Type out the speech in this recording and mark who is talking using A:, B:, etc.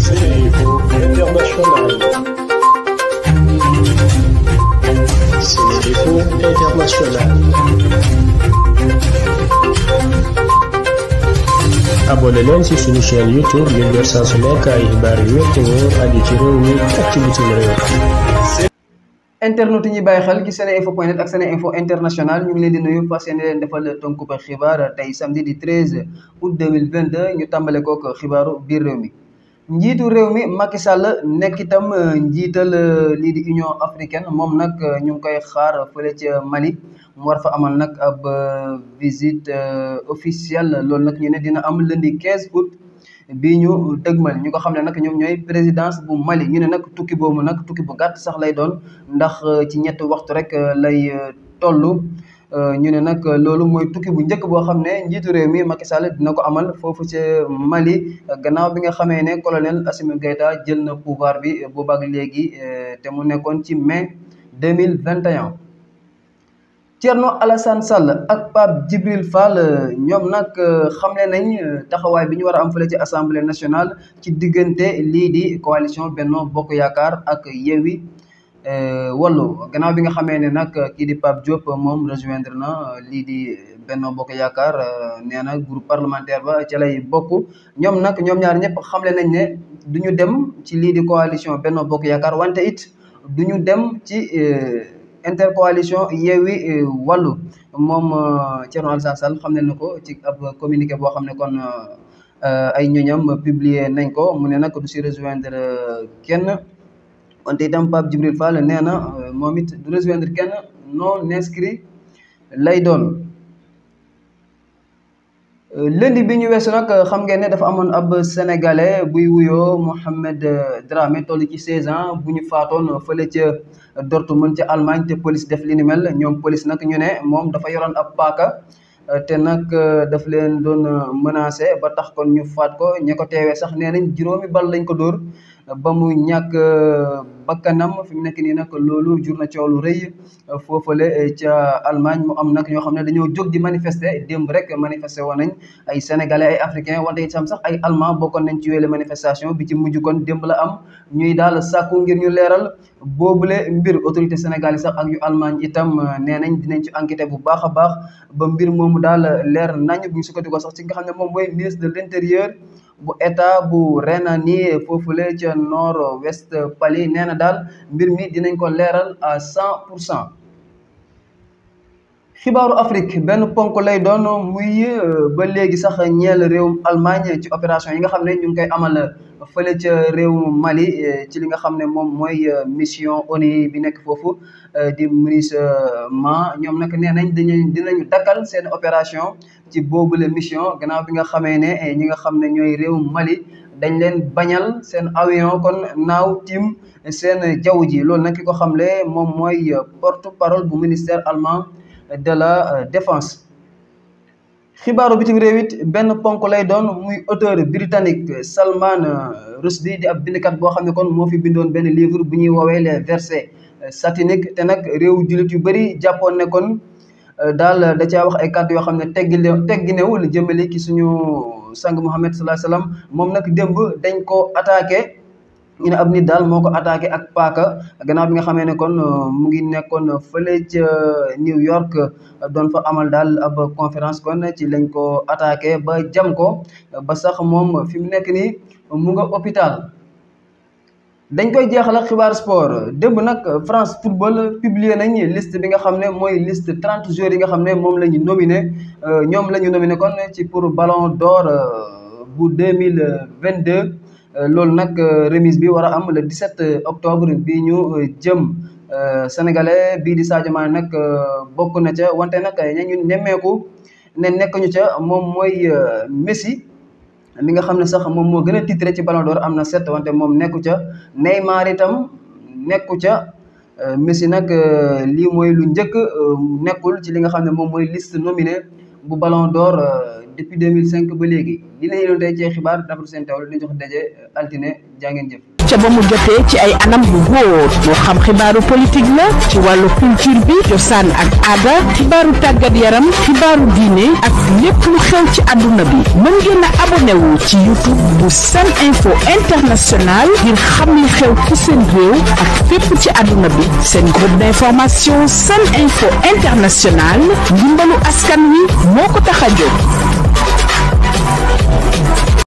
A: Cérébraux International. Cérébraux International. abonné YouTube ngir jot saa su nekk ay xibaar yu wér te wóor aju ci internet yi ñuy bàyyi xel ci seneinfo point net ak seneinfo international ñu ngi leen di nuyu fas yéene leen defal tënku ba xibaar tey samedi di 13 août 2022 ñu tàmbale kook xibaaru biir réew mi njiitu réew mi Macky Sall nekk itam njiital euh, lii di Union africaine moom nag euh, ñu ngi koy xaar fa ca Mali mu war fa amal nag ab euh, visite officielle loolu nag ñu ne dina am lundi quinze août bii ñu dëgmal ñu ko xam ne nag ñoom ñooy présidence bu Mali ñu ne nag tukki boobu nag tukki bu gàtt sax lay doon ndax euh, ci ñetti waxtu rek euh, lay euh, toll ñu ne nag loolu mooy tukki bu njëkk boo xam ne njiitu réew mi Macky Sall dina ko amal foofu ci Mali gannaaw bi nga xamee ne colonel Assimi Goïta jël na pouvoir bi boobaak léegi te mu nekkoon ci mai 2021 Thierno Alassane Sall ak Pape Djibril Fall ñoom nag euh, xamle nañ euh, taxawaay bi ñu war a am fële ci assemblée nationale ci diggante lii di coalition Benno Bokk Yaakaar ak Yewwi euh, Wallu gannaaw bi nga xamee ne nag di Pape Diop moom rejoindre na lii di Bokk Yaakaar nee na groupe parlementaire ba ci lay bokk ñoom nag ñoom ñaar ñëpp xamle nañ ne duñu dem ci lii di coalition Benno Bokk Yaakaar wante it duñu dem ci. intercoalition Yewwi euh, Wallu moom euh, Thierno Alassane Sall xam ne na ko ci ab communiqué boo xam ne kon euh, ay ñoñam publier nañ ko mu ne nag du si rejoindre kenn wante itam Pape Djibril Fall nee na moom it du rejoindre kenn non inscrit lay doon lundi bi ñu weesu nag xam ngeen ne dafa amoon ab sénégalais buy wuyoo Mohamed Dramé toll ci 16 ans bu ñu faatoon fële ca Dortmund ca Allemagne te police def li ni ñoom police nag ñu ne moom dafa yoroon ab paaka. te nag daf leen doon menacé ba tax kon ñu faat ko ña ko teewee sax nee nañ juróomi bal lañ ko dóor. ba mu ñàkk euh, bakkanam fi mu nekk nii nag loolu jur na coow lu rëy euh, foofale euh, ca Allemagne mu am nag ñoo xam ne dañoo jóg di manifeste démb rek manifester woon nañ ay sénégalais ay africain wante itam sax ay allemand bokkoon nañ ci yooyu manifestation bi ci mujj kon démb la am ñuy daal sàkku ngir ñu leeral boobule mbir autorité sénégalais sax ak yu Allemagne itam nee nañ dinañ ci enquêté bu baax a baax ba mbir moomu daal leer nañ bu ñu sukkandikoo sax ci nga xam ne moom mooy ministre de l'intérieur bu état bu Rhénanie foofule ca nord west Paris nee na daal mbir mi dinañ ko leeral à cent pour cent. xibaaru Afrique benn ponk lay doon muy euh, ba léegi sax ñeel réewum Allemagne ci opération yi nga xam ne ñu ngi koy amal. fële ca réew Mali eh, ci li nga xam ne moom mooy eh, mission ONU bi nekk foofu eh, di MINUSMA ñoom nag nee nañ dañu dinañu dakkal seen opération ci boobule mission gannaaw bi nga xamee ne ñi nga xam ne ñooy réew Mali dañ leen bañal seen avion kon naaw tiim seen jaww ji loolu nag ki ko xamle moom mooy porte-parole bu ministère allemand de la défence xibaaru bitim réew it benn ponk lay doon muy auteur britannique salmaan Rushdie di ab bindkat boo xam ne kon moo fi bindoon benn livre bu ñuy woowee les versets sataniques te nag réew jullit yu bëri jàppoon ne kon euh, daal da caa wax ay kàddu yoo xam ne teggine tegginewul jëmale ci suñu sang Muhammad sallallahu alayhi moom nag démb dañ ko attaqué. ñu ne ab nit daal moo ko attaqué ak paaka gannaaw bi nga xamee ne kon euh, mu ngi nekkoon fële ca euh, New York euh, doon fa amal daal ab conférence kon ci lañ ko attaqué ba jam ko ba sax moom fi mu nekk nii mu nga hôpital. dañ koy jeexal ak xibaar sport démb nag France football publier nañ liste bi nga xam ne mooy liste trente joueurs yi nga xam ne moom la ñu nominé ñoom la ñu nominé kon ci pour Ballon d'Or bu deux mille vingt deux Euh, loolu nag euh, remise bi war a am le 17 euh, octobre bi ñu jëm sénégalais bii di Sadio Mané nag bokk na ca wante nag ñu nemmeeku ne nekk ñu ca moom mooy Messi. mi nga xam ne sax moom moo gën a titré ci Ballon d'Or am na sept wante moom nekku ca Neymar itam nekku ca Messi nag lii mooy lu njëkk nekkul ci li nga xam ne moom mooy liste nominée bu Ballon d'Or euh, depuis 2005 ba léegi li la ñu doon tey ci xibaar d'après seen taw la ñu jox daje euh, altine jaa jëf. ca ba mu jotee ci ay anam bu góor moo xam xibaaru politique la ci wàllu culture bi cosaan ak aada xibaaru tàggat yaram xibaaru diine ak lépp lu xew ci àdduna bi mën ngeen a ci youtube bu seen info international ngir xam li xew ci seen réew ak fépp ci àdduna bi seen groupe d'information seen info international ndimbalu askan wi moo ko tax a jóg